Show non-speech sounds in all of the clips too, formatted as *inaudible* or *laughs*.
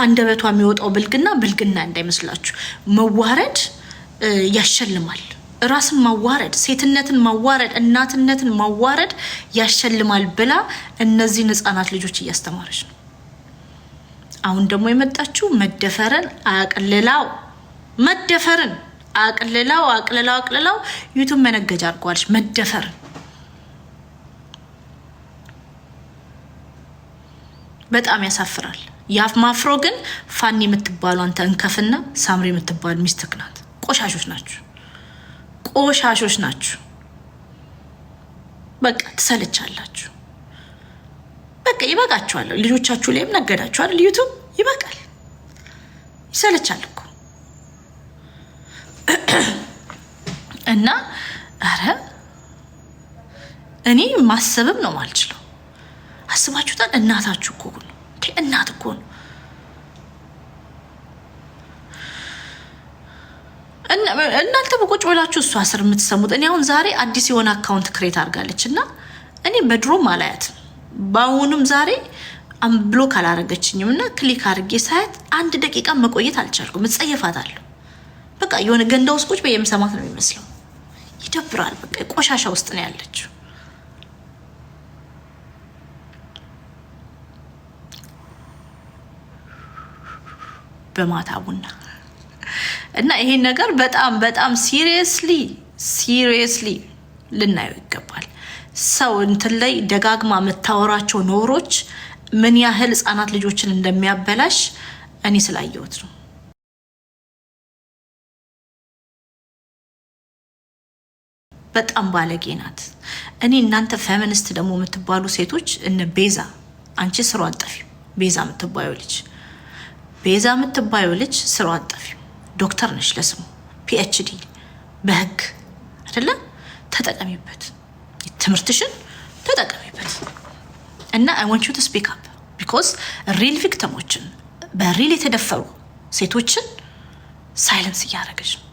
ከአንደበቷ የሚወጣው ብልግና ብልግና እንዳይመስላችሁ። መዋረድ ያሸልማል። ራስን ማዋረድ፣ ሴትነትን ማዋረድ፣ እናትነትን ማዋረድ ያሸልማል ብላ እነዚህን ህጻናት ልጆች እያስተማረች ነው። አሁን ደግሞ የመጣችው መደፈርን አቅልላው መደፈርን አቅልላው አቅልላው አቅልላው ዩቱብ መነገጃ አድርገዋለች። መደፈርን በጣም ያሳፍራል። ያፍ ማፍሮ ግን ፋኒ የምትባሉ አንተ እንከፍና ሳምሪ የምትባል ሚስትክ ናት። ቆሻሾች ናችሁ፣ ቆሻሾች ናችሁ። በቃ ትሰለቻላችሁ። በቃ ይበቃችኋል። ልጆቻችሁ ላይም ነገዳችኋል። ዩቱብ ይበቃል፣ ይሰለቻል እኮ እና ኧረ እኔ ማሰብም ነው ማልችለው። አስባችሁታል? እናታችሁ እኮ ነው እናት እኮ ነው። እናንተ በቁጭ ብላችሁ እሷ ስር የምትሰሙት። እኔ አሁን ዛሬ አዲስ የሆነ አካውንት ክሬት አድርጋለች እና እኔ በድሮም አላያትም በአሁኑም ዛሬ ብሎክ አላረገችኝም እና ክሊክ አድርጌ ሳያት አንድ ደቂቃ መቆየት አልቻልኩም። እጸየፋታለሁ። በቃ የሆነ ገንዳ ውስጥ ቁጭ በየምሰማት ነው የሚመስለው። ይደብራል። በቃ ቆሻሻ ውስጥ ነው ያለችው። በማታ ቡና እና ይሄን ነገር በጣም በጣም ሲሪየስሊ ሲሪየስሊ ልናየው ይገባል። ሰው እንትን ላይ ደጋግማ የምታወራቸው ኖሮች ምን ያህል ህጻናት ልጆችን እንደሚያበላሽ እኔ ስላየሁት ነው። በጣም ባለጌ ናት። እኔ እናንተ ፌሚኒስት ደግሞ የምትባሉ ሴቶች እነ ቤዛ አንቺ ስሯ አጠፊ ቤዛ የምትባዩ ልጅ ቤዛ የምትባየው ልጅ ስራ አጣፊ ዶክተር ነች፣ ለስሙ ፒኤችዲ በህግ አደለ ተጠቀሚበት፣ ትምህርትሽን ተጠቀሚበት እና አይ ዋንት ዩ ቱ ስፒክ አፕ ቢኮዝ ሪል ቪክተሞችን በሪል የተደፈሩ ሴቶችን ሳይለንስ እያደረገች ነው።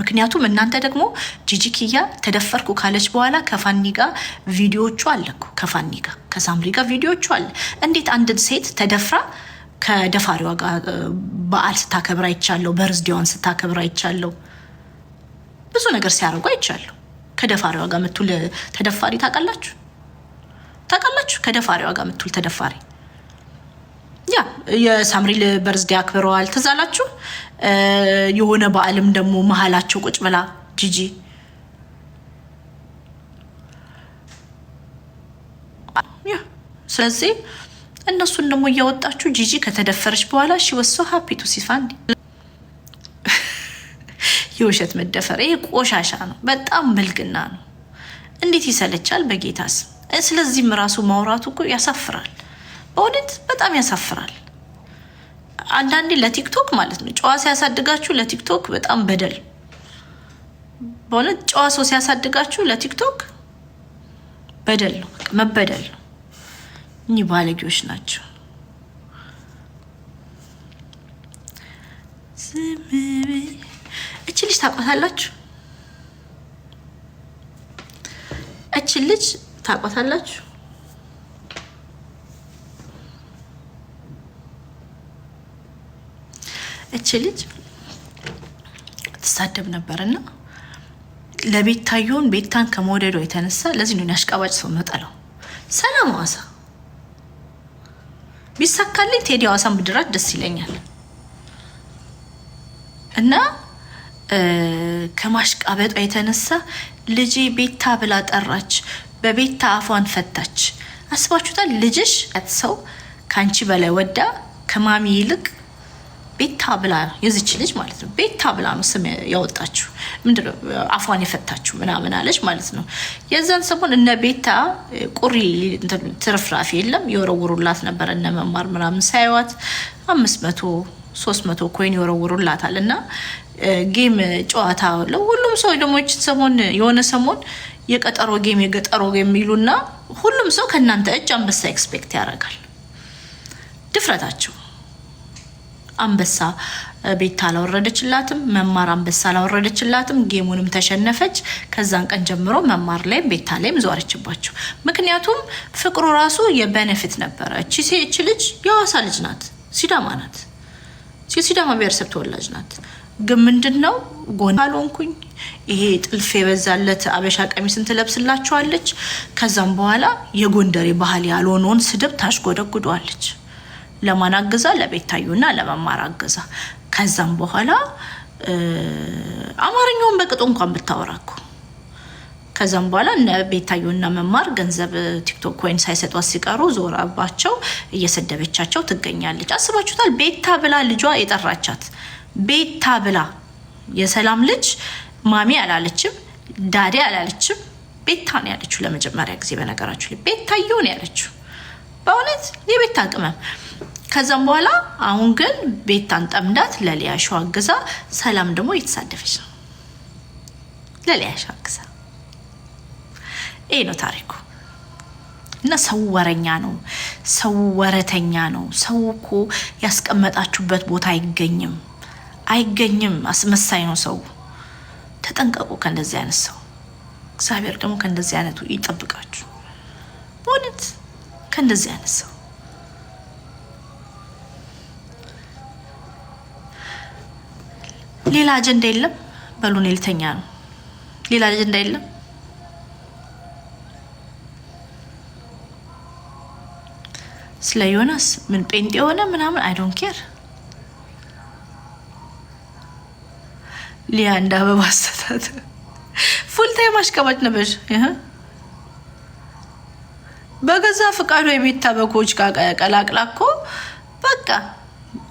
ምክንያቱም እናንተ ደግሞ ጂጂ ተደፈርኩ ካለች በኋላ ከፋኒ ጋር ቪዲዮቹ አለኩ ከፋኒ ጋር ከሳምሪ ጋር ቪዲዮቹ አለ። እንዴት አንድን ሴት ተደፍራ ከደፋሪዋ ጋር በዓል ስታከብር አይቻለሁ። በርዝዲዋን ስታከብር አይቻለሁ። ብዙ ነገር ሲያደርጉ አይቻለሁ። ከደፋሪዋ ጋር ምትውል ተደፋሪ ታውቃላችሁ? ታውቃላችሁ? ከደፋሪዋ ጋር ምትውል ተደፋሪ ያ የሳምሪል በርዝዴ አክብረዋል። ትዝ አላችሁ? የሆነ በዓልም ደግሞ መሀላቸው ቁጭ ብላ ጂጂ ስለዚህ እነሱን ደግሞ እያወጣችሁ ጂጂ ከተደፈረች በኋላ ሽወሶ ሀፒቱ ሲፋንድ የውሸት መደፈር ይሄ ቆሻሻ ነው። በጣም ብልግና ነው። እንዴት ይሰለቻል በጌታስ። ስለዚህም ራሱ ማውራቱ እኮ ያሳፍራል። በእውነት በጣም ያሳፍራል። አንዳንዴ ለቲክቶክ ማለት ነው ጨዋ ሲያሳድጋችሁ ለቲክቶክ በጣም በደል። በእውነት ጨዋ ሰው ሲያሳድጋችሁ ለቲክቶክ በደል ነው፣ መበደል ነው። እኚህ ባለጌዎች ናቸው። እች ልጅ ታቋታላችሁ? እች ልጅ ታቋታላችሁ? እች ልጅ ትሳደብ ነበርና ለቤታየውን ቤታን ከመውደዷ የተነሳ ለዚህ ነው ያሽቃባጭ ሰው መጠለው ሰላም ዋሳ ቢሳካልኝ ቴዲ ሀዋሳን ብድራት ደስ ይለኛል እና ከማሽቃበጧ የተነሳ ልጄ ቤታ ብላ ጠራች። በቤታ አፏን ፈታች። አስባችሁታል? ልጅሽ ሰው ከአንቺ በላይ ወዳ ከማሚ ይልቅ ቤታ ብላ የዚች ልጅ ማለት ነው። ቤታ ብላ ነው ስም ያወጣችሁ ምንድነው አፏን የፈታችሁ ምናምን አለች ማለት ነው። የዛን ሰሞን እነ ቤታ ቁሪ ትርፍራፊ የለም የወረውሩላት ነበረ እነ መማር ምናምን ሳይዋት አምስት መቶ ሶስት መቶ ኮይን የወረውሩላታል እና ጌም ጨዋታ ለሁሉም ሰው ደግሞ ሰሞን የሆነ ሰሞን የቀጠሮ ጌም የገጠሮ ጌም የሚሉና ሁሉም ሰው ከእናንተ እጅ አንበሳ ኤክስፔክት ያደርጋል። ድፍረታቸው አንበሳ ቤት አላወረደችላትም። መማር አንበሳ አላወረደችላትም። ጌሙንም ተሸነፈች። ከዛን ቀን ጀምሮ መማር ላይም ቤታ ላይም ዘዋረችባቸው። ምክንያቱም ፍቅሩ ራሱ የበነፊት ነበረ። እቺ ልጅ የዋሳ ልጅ ናት፣ ሲዳማ ናት፣ ሲዳማ ብሔረሰብ ተወላጅ ናት። ግን ምንድን ነው ጎን ካልሆንኩኝ ይሄ ጥልፍ የበዛለት አበሻ ቀሚስን ትለብስላቸዋለች ከዛም በኋላ የጎንደሬ ባህል ያልሆነውን ስድብ ታሽጎደጉደዋለች። ለማን አግዛ? ለቤታዩና ለመማር አግዛ። ከዛም በኋላ አማርኛውን በቅጡ እንኳን ብታወራኩ ከዛም በኋላ እነ ቤታዩና መማር ገንዘብ ቲክቶክ ኮይን ሳይሰጧት ሲቀሩ ዞራባቸው እየሰደበቻቸው ትገኛለች። አስባችሁታል? ቤታ ብላ ልጇ የጠራቻት ቤታ ብላ የሰላም ልጅ ማሚ አላለችም፣ ዳዲ አላለችም። ቤታ ነው ያለችው። ለመጀመሪያ ጊዜ በነገራችሁ ቤታየው ነው ያለችው። በእውነት የቤታ ቅመም ከዛም በኋላ አሁን ግን ቤታን ጠምዳት ለሊያሹ አግዛ፣ ሰላም ደግሞ እየተሳደፈች ነው ለሊያሹ አግዛ። ይሄ ነው ታሪኩ። እና ሰው ወረኛ ነው፣ ሰው ወረተኛ ነው። ሰው እኮ ያስቀመጣችሁበት ቦታ አይገኝም፣ አይገኝም። አስመሳይ ነው ሰው። ተጠንቀቁ ከእንደዚህ አይነት ሰው። እግዚአብሔር ደግሞ ከእንደዚህ አይነቱ ይጠብቃችሁ። በእውነት ከእንደዚህ አይነት ሰው ሌላ አጀንዳ የለም። በሉ እኔ ልተኛ ነው። ሌላ አጀንዳ የለም። ስለ ዮናስ ምን ጴንጤ የሆነ ምናምን አይ ዶንት ኬር። ሊያ እንደ አበባ አሰታት *laughs* ፉል ታይም አሽቀባጭ ነበር። በገዛ ፍቃዱ የቤታ በጎች ቀላቅላ እኮ በቃ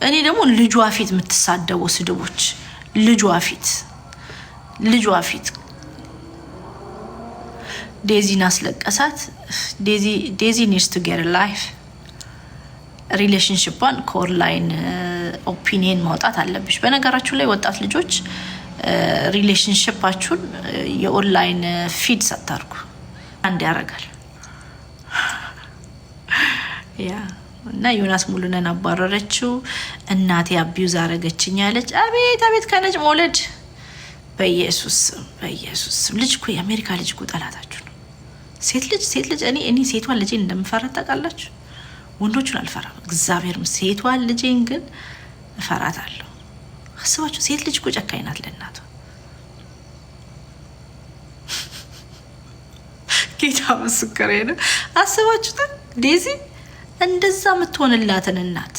እኔ ደግሞ ልጇ ፊት የምትሳደቡ ስድቦች ልጇ ፊት ልጇ ፊት ዴዚን አስለቀሳት። ዴዚ ኒድስ ቱ ጌት ላይፍ ሪሌሽንሽፓን ከኦንላይን ኦፒኒየን ማውጣት አለብሽ። በነገራችሁ ላይ ወጣት ልጆች ሪሌሽንሽፓችሁን የኦንላይን ፊድ ሰታርኩ አንድ ያደርጋል ያ እና ዮናስ ሙሉነን አባረረችው። እናቴ አቢዩዝ አረገችኝ አለች። አቤት አቤት ከነጭ መውለድ በኢየሱስ በኢየሱስ ልጅ እኮ የአሜሪካ ልጅ እኮ ጠላታችሁ ነው። ሴት ልጅ ሴት ልጅ እኔ እኔ ሴቷን ልጄን እንደምፈራት ታውቃላችሁ። ወንዶቹን አልፈራም፣ እግዚአብሔርም ሴቷን ልጄን ግን እፈራታለሁ። አስባችሁ ሴት ልጅ እኮ ጨካኝ ናት ለእናቷ። *laughs* ጌታ ምስክሬ ነው። አስባችሁታል ዴዚ እንደዛ የምትሆንላትን እናት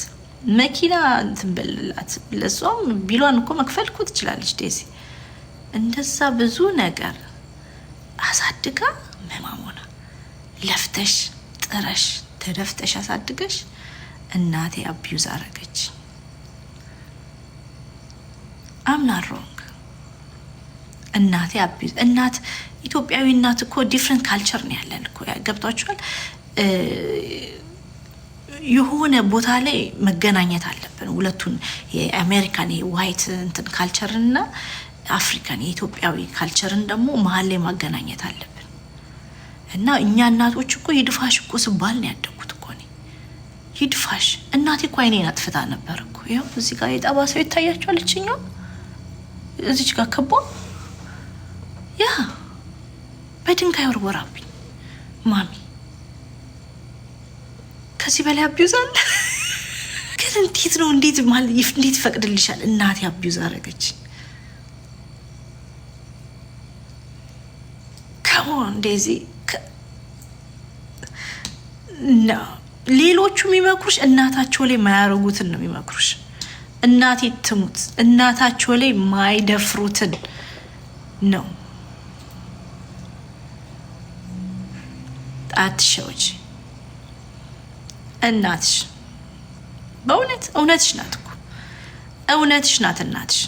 መኪና ትንበልላት። ለሷም ቢሏን እኮ መክፈል እኮ ትችላለች። ደሴ እንደዛ ብዙ ነገር አሳድጋ መማሞና ለፍተሽ ጥረሽ ተደፍተሽ አሳድገሽ እናቴ አቢዩዝ አረገች። አምና ሮንግ እናቴ አቢዩዝ እናት ኢትዮጵያዊ እናት እኮ ዲፍረንት ካልቸር ነው ያለን እኮ ገብቷችኋል። የሆነ ቦታ ላይ መገናኘት አለብን። ሁለቱን የአሜሪካን የዋይት እንትን ካልቸርንና አፍሪካን የኢትዮጵያዊ ካልቸርን ደግሞ መሀል ላይ ማገናኘት አለብን እና እኛ እናቶች እኮ ይድፋሽ እኮ ስባል ነው ያደጉት እኮ እኔ ይድፋሽ እናቴ እኮ አይኔን አጥፍታ ነበር እኮ ያው እዚህ ጋር የጠባሰው ይታያቸዋል። እችኛው እዚች ጋር ከቦ ያ በድንጋይ ወርወራብኝ ማሚ ከዚህ በላይ አቢዩዝ ግን እንዴት ነው እንዴት እንዴት ይፈቅድልሻል? እናቴ አቢዩዝ አደረገች። ከሆን እንደዚህ ሌሎቹ የሚመክሩሽ እናታቸው ላይ የማያደርጉትን ነው የሚመክሩሽ። እናቴ ትሙት እናታቸው ላይ የማይደፍሩትን ነው አትሸውጂ። እናትሽ በእውነት እውነትሽ ናት እኮ እውነትሽ ናት እናትሽ።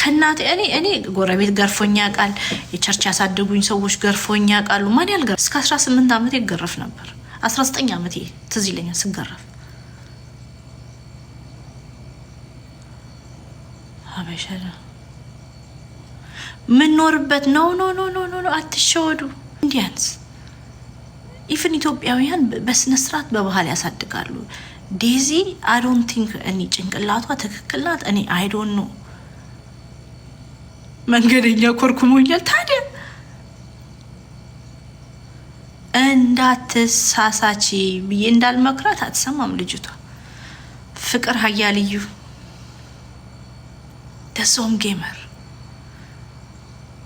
ከእናቴ እኔ እኔ ጎረቤት ገርፎኛ ቃል የቸርች ያሳደጉኝ ሰዎች ገርፎኛ ቃሉ ማን ያልገር እስከ 18 ዓመቴ ገረፍ ነበር። 19 ዓመቴ ትዝ ይለኛል ስገረፍ። አበሻ ምንኖርበት ነው ኖ ኖ ኖ ኖ አትሸወዱ እንዲያንስ ኢቨን ኢትዮጵያውያን በስነ ስርዓት በባህል ያሳድጋሉ። ዴዚ አይዶን ቲንክ እኔ ጭንቅላቷ ትክክል ናት። እኔ አይዶን ነው መንገደኛ ኮርኩሞኛል። ታዲያ እንዳትሳሳች ብዬ እንዳልመክራት አትሰማም ልጅቷ። ፍቅር ሀያልዩ ደሶም ጌመር